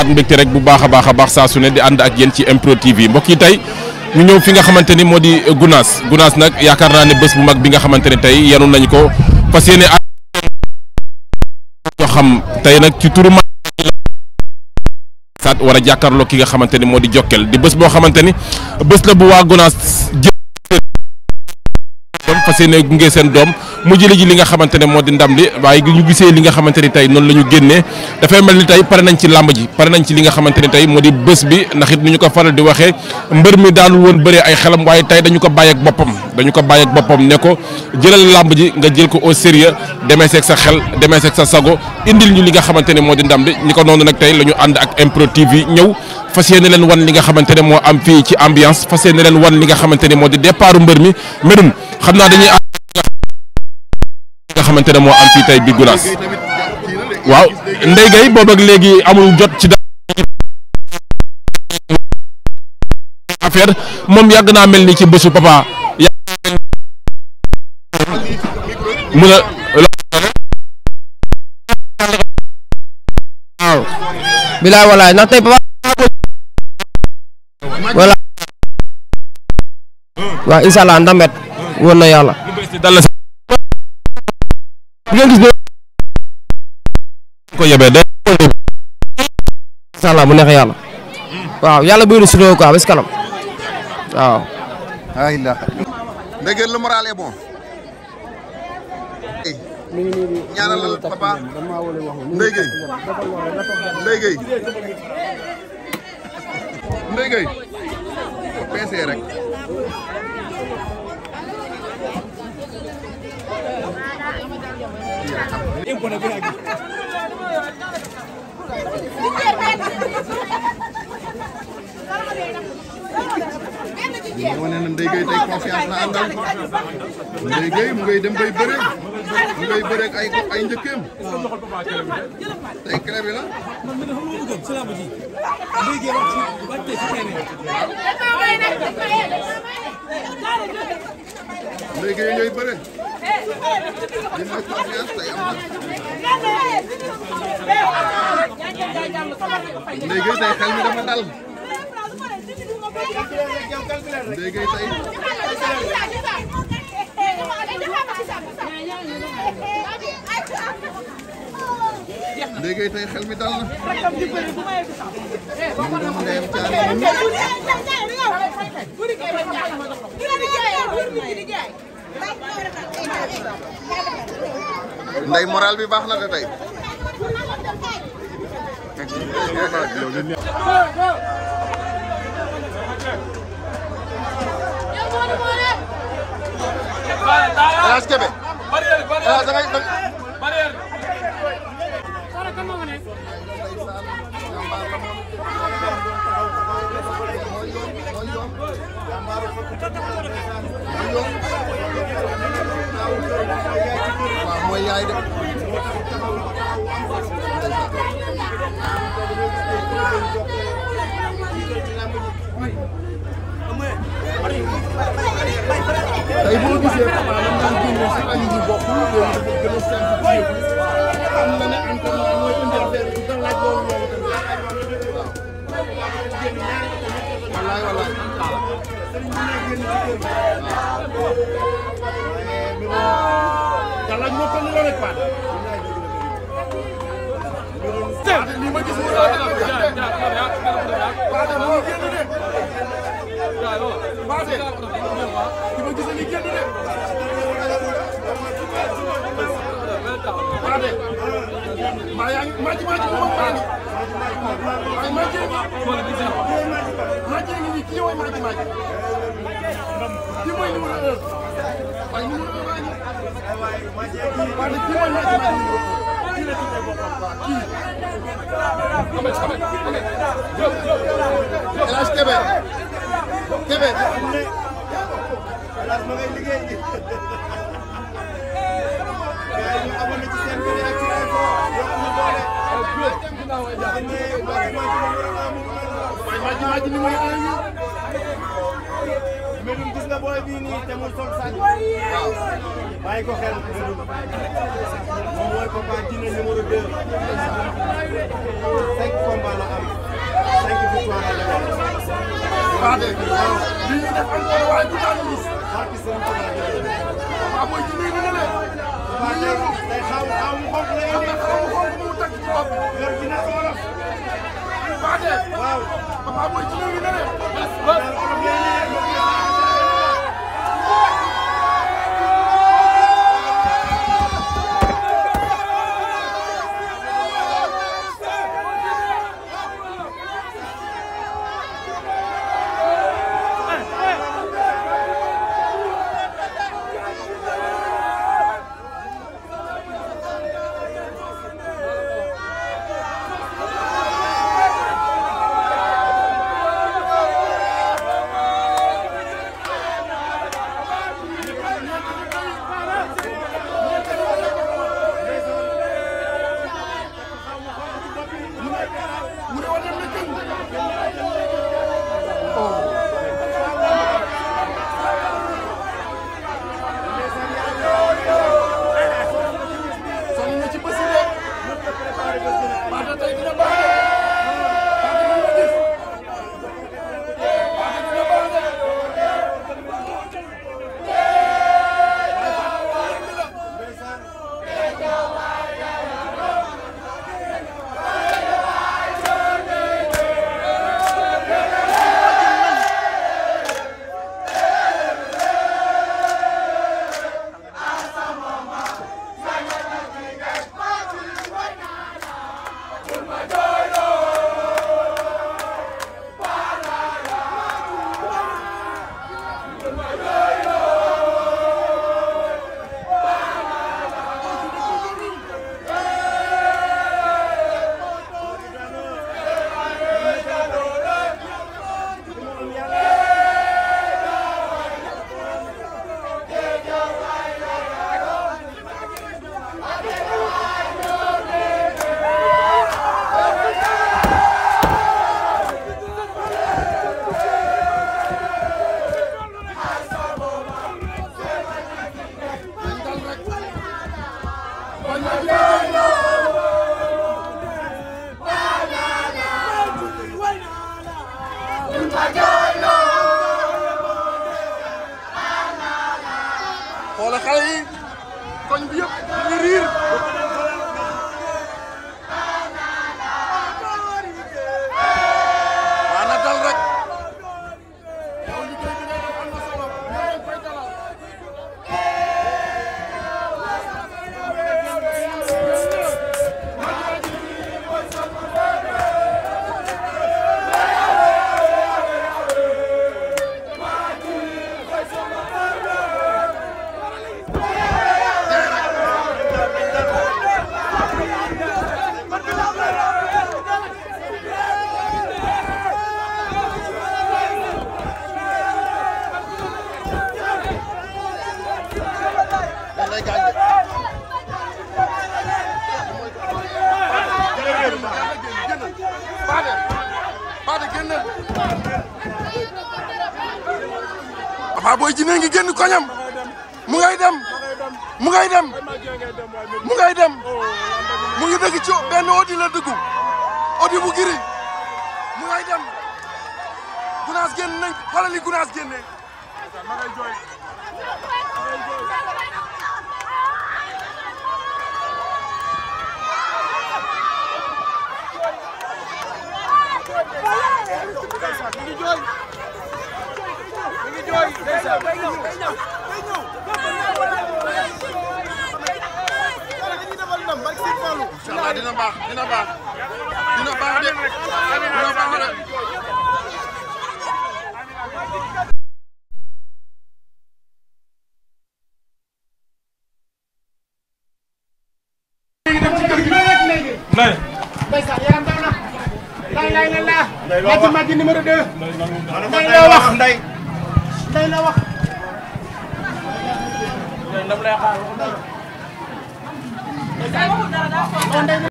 amaat mbégte rek bu baax a baax a baax saa su ne di ànd ak yéen ci MPROD TV mbokk yi tey ñu ñëw fi nga xamante ni moo di Gounass Gounass nag yaakaar naa ne bés bu mag bi nga xamante ne tey yanu nañ ko fas yéene ñoo xam tey nag ci turu saat war a jàkkaarloo ki nga xamante ni moo di Jokkel di bés boo xamante ni bés la bu waa Gounass fas yéene gunge seen doom mu jële ji li nga xamante ne moo di ndam li waaye ñu gisee ni tey noonu la ñu génnee dafay mel ni tey pare nañ pare nañ ci li nga xamante ni tey moo di bés bi ndax it ni ñu ko faral di waxee mbër mi daanul woon bëree ay xelam waaye tey dañu ko bàyyi ak boppam dañu ko bàyyi ak boppam ne ko jëlal làmb ji nga jël ko au sérieux demee seeg xel demee seeg sa sago indil ñu li nga xamante ne moo di ndam li ñi ko noonu nag tey la ñu ànd ak Impro TV ñëw fas yéene leen wan li nga xamante ne moo am fii ci ambiance fas yéene leen wan li nga xamante ne moo di départ mbër mi xamante ne moo am fii tey bi Gounass waaw Ndeye Gueye boobu léegi amul jot ci affaire moom yàgg naa mel ni ci bésu papa mu waaw bilaay walaay ndax tey papa waaw incha allah ndamet woon na yàlla nga gis ne ko yebee day inshallah bu neexee yàlla waaw yàlla bëri si loolu quoi ba si kanam waaw ayla ndegeen le moral est bon ñaanal moo ne na Ndeye Gueye tey confiance la àndal Ndeye Gueye mu ngay dem bay bëre mu ngay bëre ak ay ay njëkkeem tey crève bi la man mi xam nga gëm cela veut dire Ndeye Gueye wax ci wax tey ci terrain Ndeye Gueye ñooy bëre léegi tey xel mi dafa dal. léegi tey. léegi tey xel mi dal na. ndey moral bi baax na de tey. Elaj Kébé. Elaj da ngay da ngay. waaw mooy yaay de tey boo gisee adéquate. Maji maji Imagine, imagine, imagine. booy bii nii te muy sol sañ. bàyyi ko xel moom mooy Papa Djiné numéro 2. cinq combats la am. cinq victoire la am. waaw dégg nga waaw. lii ñu def am tool waaye du taal gis. barke Serigne Touba waaw mooy Djiné bi nga ne. waaw tey tey xaw xaw mu xonk la indi. xaw mu xonk mu teg ci bopp. yor ginnaaw wolof. waaw dégg waaw. Papa mooy Djiné bi nga ne. xoola xale yi koñ bi yëpp ñu riir Papa Boy Djiné ngi génn koñam mu ngay dem mu ngay dem mu ngay dem mu ngi dëgg ci benn odi la dugg odi giri mu ngay dem gunaas génn nañ xoolal li gunaas génne. dina baax dina baax dina baax de dina baax de léegi. lay lay la laa. Ndeye la wax